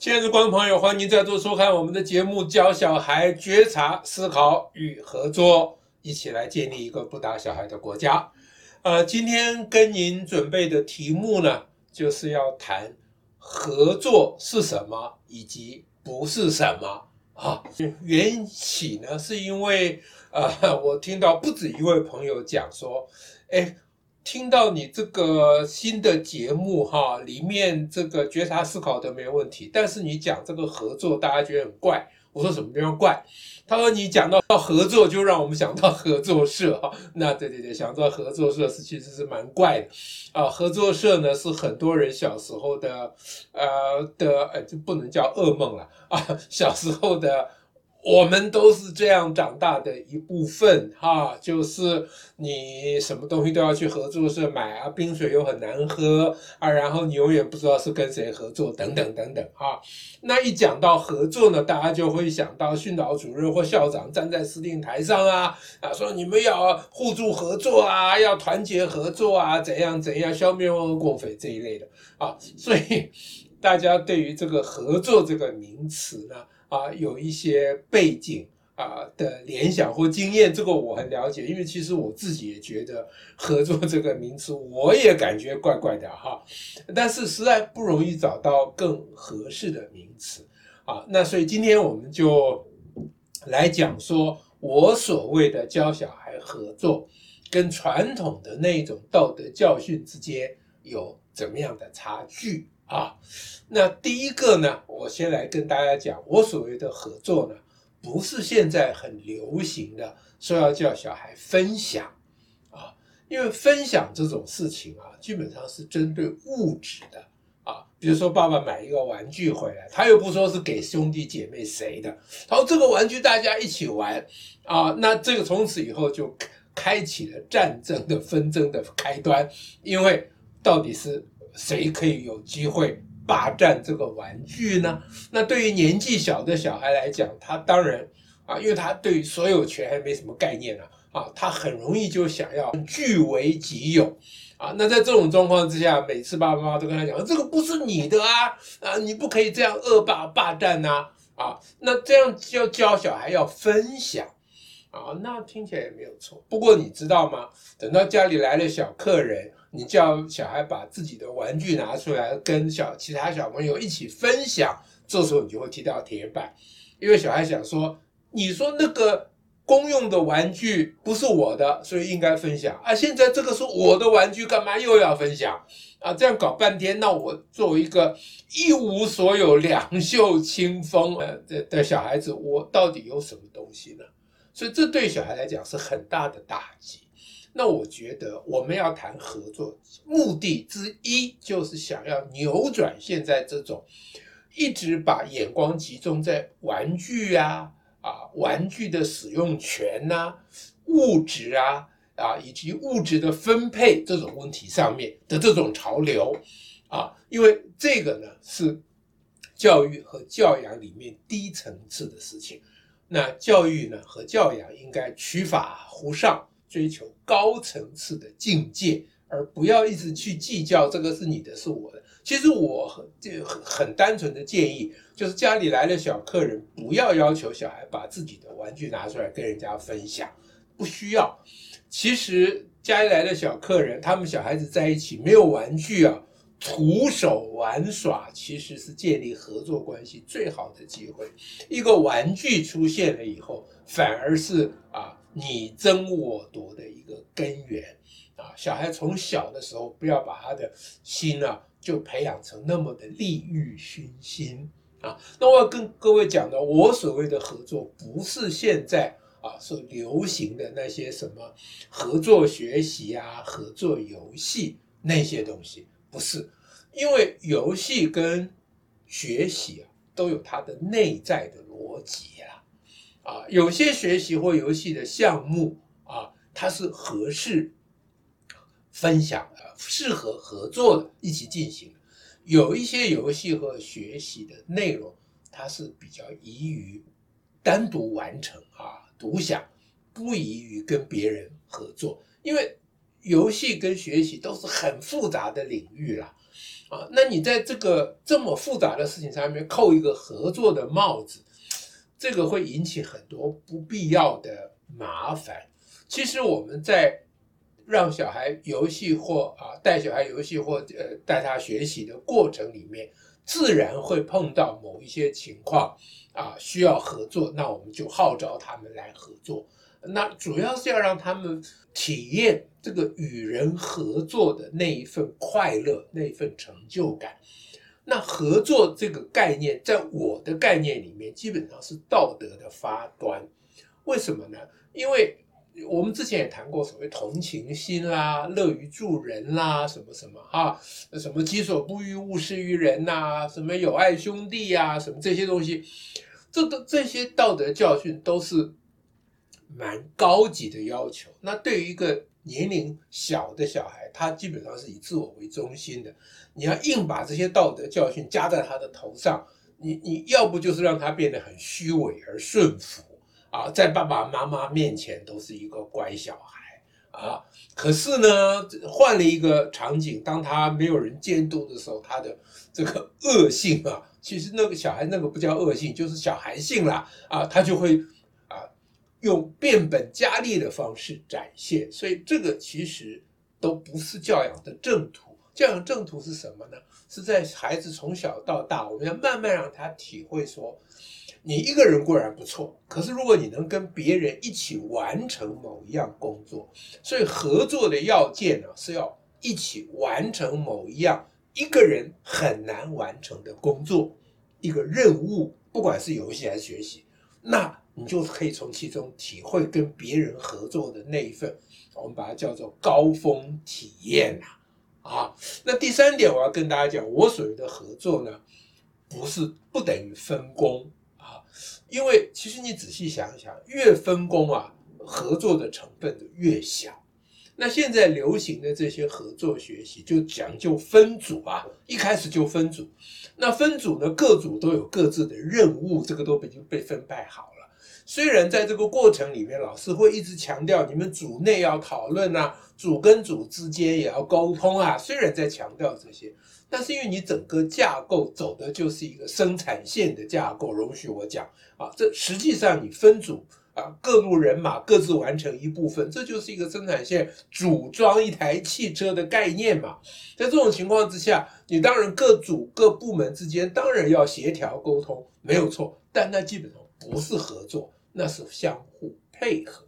親愛的觀眾朋友，歡迎您再度收看我們的節目《教小孩覺察、思考與合作》，一起來建立一個不打小孩的國家。呃，今天跟您準備的題目呢，就是要談合作是什麼以及不是什麼啊。緣起呢，是因為啊、呃，我聽到不止一位朋友講說，哎。聽到你這個新的節目哈，裡面這個覺察思考的沒問題，但是你講這個合作，大家覺得很怪。我說什麼地方怪？他說你講到到合作，就讓我們想到合作社哈，啊。那對對對，想到合作社是其實是蠻怪的啊。合作社呢，是很多人小時候的，呃的，哎，就不能叫噩夢了啊，小時候的。我們都是這樣長大的一部分哈，就是你什麼東西都要去合作社買啊，冰水又很難喝啊，然後你永遠不知道是跟誰合作，等等等等啊。那一講到合作呢，大家就會想到訓導主任或校長站在司令台上啊啊，說你們要互助合作啊，要團結合作啊，怎樣怎樣消滅共匪這一類的啊。所以大家對於這個“合作”這個名詞呢，啊，有一些背景啊的聯想或經驗，這個我很了解，因為其實我自己也覺得“合作”這個名詞，我也感覺怪怪的哈，但是實在不容易找到更合適的名詞啊。那所以今天我們就來講說，我所謂的教小孩合作，跟傳統的那一種道德教訓之間有怎麼樣的差距。啊，那第一個呢，我先來跟大家講，我所謂的合作呢，不是現在很流行的說要叫小孩分享，啊，因為分享這種事情啊，基本上是針對物質的啊，比如說，爸爸買一個玩具回來，他又不說是給兄弟姐妹誰的，然後這個玩具大家一起玩，啊，那這個從此以後就開啟了戰爭的紛爭的開端，因為到底是。誰可以有機會霸占這個玩具呢？那對於年紀小的小孩來講，他當然啊，因為他對所有權還沒什麼概念呢，啊，啊，他很容易就想要據為己有，啊，那在這種狀況之下，每次爸爸媽媽都跟他講，這個不是你的啊，啊，你不可以這樣惡霸霸占吶，啊，啊，那這樣就要教小孩要分享。啊、哦，那聽起來也沒有錯。不過你知道嗎？等到家裡來了小客人，你叫小孩把自己的玩具拿出來跟小其他小朋友一起分享，這時候你就會踢到鐵板，因為小孩想說：你說那個公用的玩具不是我的，所以應該分享啊。現在這個是我的玩具，幹嘛又要分享啊？這樣搞半天，那我作為一個一無所有、兩袖清風呃的的小孩子，我到底有什麼東西呢？所以這對小孩來講是很大的打擊。那我覺得我們要談合作，目的之一就是想要扭轉現在這種一直把眼光集中在玩具啊、啊玩具的使用權吶、啊、物質啊、啊以及物質的分配這種問題上面的這種潮流啊，因為這個呢是教育和教養裡面低層次的事情。那教育呢和教養應該取法乎上，追求高層次的境界，而不要一直去計較這個是你的，是我的。其實我很很很單純的建議，就是家裡來的小客人，不要要求小孩把自己的玩具拿出來跟人家分享，不需要。其實家裡來的小客人，他們小孩子在一起沒有玩具啊。徒手玩耍其實是建立合作關係最好的機會。一個玩具出現了以後，反而是啊你爭我奪的一個根源。啊，小孩從小的時候不要把他的心啊就培養成那麼的利欲熏心啊。那我要跟各位講的，我所謂的合作，不是現在啊所流行的那些什麼合作學習啊、合作遊戲那些東西。不是，因為遊戲跟學習啊都有它的內在的邏輯啦，啊，有些學習或遊戲的項目啊，它是合適分享的，適合合作的，一起進行的，有一些遊戲和學習的內容，它是比較宜於單獨完成啊，獨享，不宜於跟別人合作，因為。遊戲跟學習都是很複雜的領域了，啊，那你在這個這麼複雜的事情上面扣一個合作的帽子，這個會引起很多不必要的麻煩。其實我們在讓小孩遊戲或啊帶小孩遊戲或呃帶他學習的過程裡面，自然會碰到某一些情況啊需要合作，那我們就號召他們來合作。那主要是要讓他們體驗這個與人合作的那一份快樂，那一份成就感。那合作這個概念，在我的概念裡面，基本上是道德的發端。為什麼呢？因為我們之前也談過所謂同情心啦、啊、樂於助人啦、啊、什麼什麼哈、啊、什麼己所不欲勿施於人吶、啊、什麼友愛兄弟啊、什麼這些東西，這都這些道德教訓都是。蠻高級的要求。那對於一個年齡小的小孩，他基本上是以自我為中心的。你要硬把這些道德教訓加在他的頭上，你你要不就是讓他變得很虛偽而順服啊，在爸爸媽媽面前都是一個乖小孩啊。可是呢，換了一個場景，當他沒有人監督的時候，他的這個惡性啊，其實那個小孩那個不叫惡性，就是小孩性了啊，他就會。用變本加厲的方式展現，所以這個其實都不是教養的正途。教養正途是什麼呢？是在孩子從小到大，我們要慢慢讓他體會說，你一個人固然不錯，可是如果你能跟別人一起完成某一樣工作，所以合作的要件呢，是要一起完成某一樣一個人很難完成的工作，一個任務，不管是遊戲還是學習，那。你就可以從其中體會跟別人合作的那一份，我們把它叫做高峰體驗啊。啊，啊，那第三點我要跟大家講，我所謂的合作呢，不是不等於分工啊，因為其實你仔細想一想，越分工啊，合作的成分就越小。那現在流行的這些合作學習就講究分組啊，一開始就分組，那分組呢，各組都有各自的任務，這個都已經被分派好。雖然在這個過程裡面，老師會一直強調你們組內要討論啊，組跟組之間也要溝通啊，雖然在強調這些，但是因為你整個架構走的就是一個生產線的架構，容許我講啊，這實際上你分組啊，各路人馬各自完成一部分，這就是一個生產線組裝一台汽車的概念嘛。在這種情況之下，你當然各組各部門之間當然要協調溝通，沒有錯，但那基本上不是合作。那是相互配合。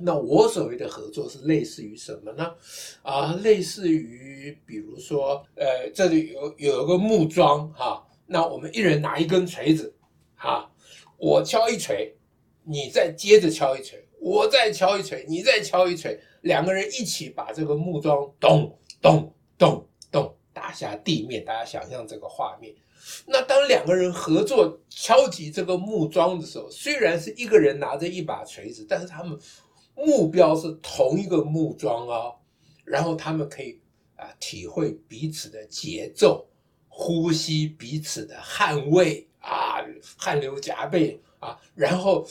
那我所謂的合作是類似於什麼呢？啊，類似於比如說，呃，這裡有有一個木樁哈，那我們一人拿一根錘子哈，我敲一錘，你再接着敲一錘，我再敲一錘，你再敲一錘，兩個人一起把這個木樁咚咚咚。咚咚下地面，大家想象這個畫面。那當兩個人合作敲擊這個木樁的時候，雖然是一個人拿着一把錘子，但是他們目標是同一個木樁哦。然後他們可以啊，體會彼此的節奏，呼吸彼此的汗味啊，汗流浹背啊，然後。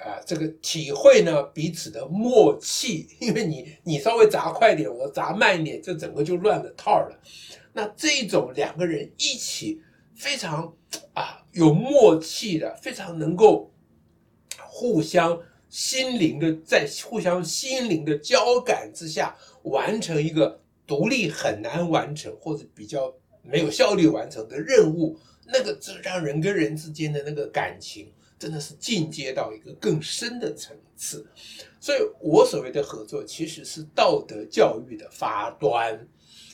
啊，這個體會呢，彼此的默契，因為你你稍微砸快點，我砸慢一點，這整個就亂了套了。那這種兩個人一起非常啊有默契的，非常能夠互相心靈的，在互相心靈的交感之下，完成一個獨立很難完成，或者比較沒有效率完成的任務，那個這讓人跟人之間的那個感情。真的是進階到一個更深的層次，所以我所謂的合作其實是道德教育的發端，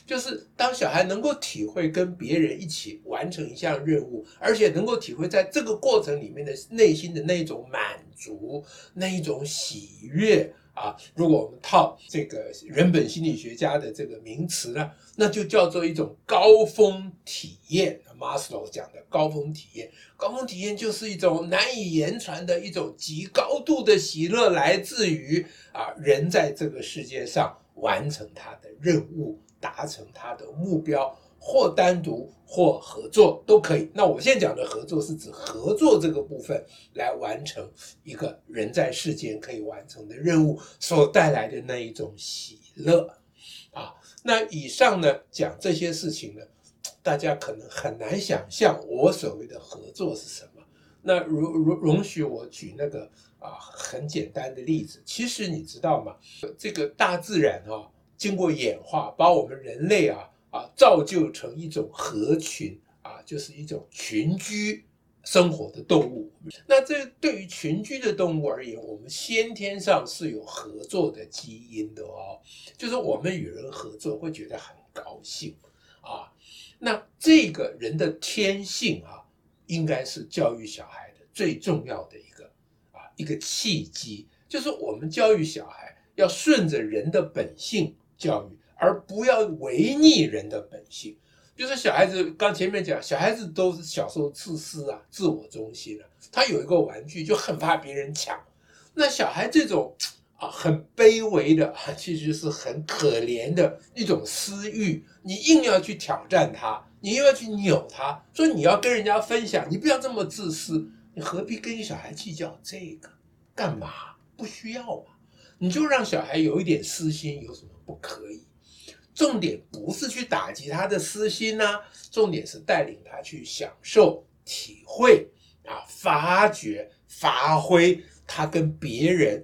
就是當小孩能夠體會跟別人一起完成一項任務，而且能夠體會在這個過程裡面的內心的那一種滿足、那一種喜悅啊，如果我們套這個人本心理學家的這個名詞呢、啊，那就叫做一種高峰體驗。馬斯洛講的高峰體驗，高峰體驗就是一種難以言傳的一種極高度的喜樂，來自於啊人在這個世界上完成他的任務、達成他的目標，或單獨或合作都可以。那我現在講的合作是指合作這個部分來完成一個人在世間可以完成的任務所帶來的那一種喜樂啊。那以上呢講這些事情呢，大家可能很難想象我所謂的合作是什麼？那容容容許我舉那個啊很簡單的例子。其實你知道嗎？這個大自然啊、哦，經過演化，把我們人類啊啊造就成一種合群啊，就是一種群居生活的動物。那這對於群居的動物而言，我們先天上是有合作的基因的哦。就是我們與人合作會覺得很高興。啊，那這個人的天性啊，應該是教育小孩的最重要的一個啊一個契機，就是我們教育小孩要順着人的本性教育，而不要違逆人的本性。比如說小孩子，剛前面講，小孩子都是小時候自私啊、自我中心啊，他有一個玩具就很怕別人搶。那小孩這種。啊，很卑微的，其實是很可憐的一種私慾。你硬要去挑戰他，你又要去扭他，說你要跟人家分享，你不要這麼自私，你何必跟小孩計較這個？幹嘛？不需要啊，你就讓小孩有一點私心，有什麼不可以？重點不是去打擊他的私心吶、啊，重點是帶領他去享受、體會啊，發掘、發揮他跟別人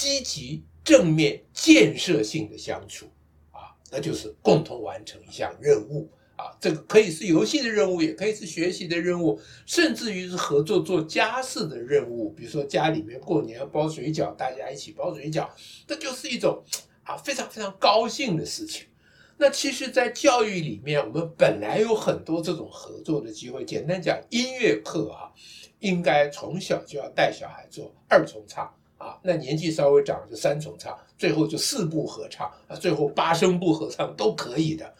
積極正面建設性的相處，啊，那就是共同完成一項任務啊，這個可以是遊戲的任務，也可以是學習的任務，甚至於是合作做家事的任務，比如說家裡面過年要包水餃，大家一起包水餃，這就是一種啊非常非常高興的事情。那其實，在教育裡面，我們本來有很多這種合作的機會。簡單講，音樂課哈、啊，應該從小就要帶小孩做二重唱。啊，那年紀稍微長就三重唱，最後就四部合唱啊，最後八聲部合唱都可以的。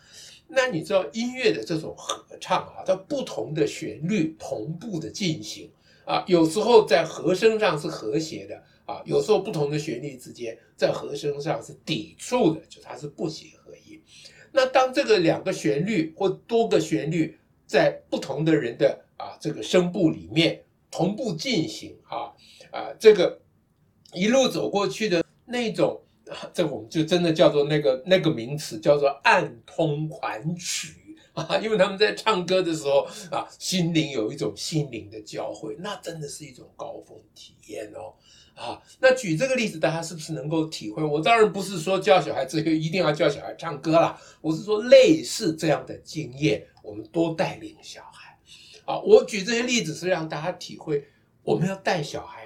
那你知道音樂的這種合唱啊，它不同的旋律同步的進行啊，有時候在和聲上是和諧的啊，有時候不同的旋律之間在和聲上是抵觸的，就它是不協和音。那當這個兩個旋律或多個旋律在不同的人的啊這個聲部裡面同步進行啊啊這個。一路走過去的那種啊，這個、我們就真的叫做那個那個名詞叫做暗通款曲啊，因為他們在唱歌的時候啊，心靈有一種心靈的交匯，那真的是一種高峰體驗哦啊。那舉這個例子，大家是不是能夠體會？我當然不是說教小孩子一定要教小孩唱歌啦，我是說類似這樣的經驗，我們多帶領小孩啊。我舉這些例子是讓大家體會，我們要帶小孩，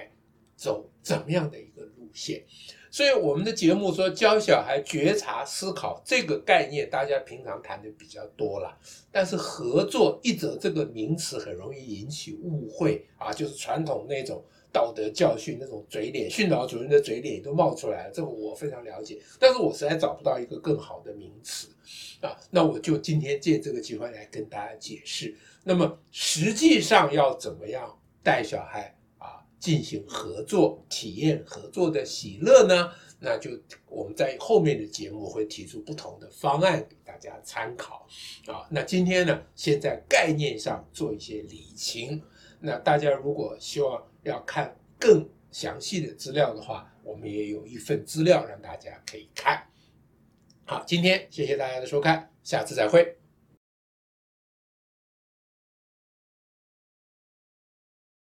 走怎麼樣的一個路線？所以我們的節目說教小孩覺察思考這個概念，大家平常談的比較多了。但是合作一者這個名詞很容易引起誤會啊，就是傳統那種道德教訓那種嘴臉，訓導主任的嘴臉也都冒出來了。這個我非常了解，但是我實在找不到一個更好的名詞啊。那我就今天借這個機會來跟大家解釋。那麼實際上要怎麼樣帶小孩？進行合作體驗合作的喜樂呢？那就我們在後面的節目會提出不同的方案給大家參考啊。那今天呢，先在概念上做一些理清。那大家如果希望要看更詳細的資料的話，我們也有一份資料讓大家可以看。好，今天謝謝大家的收看，下次再會。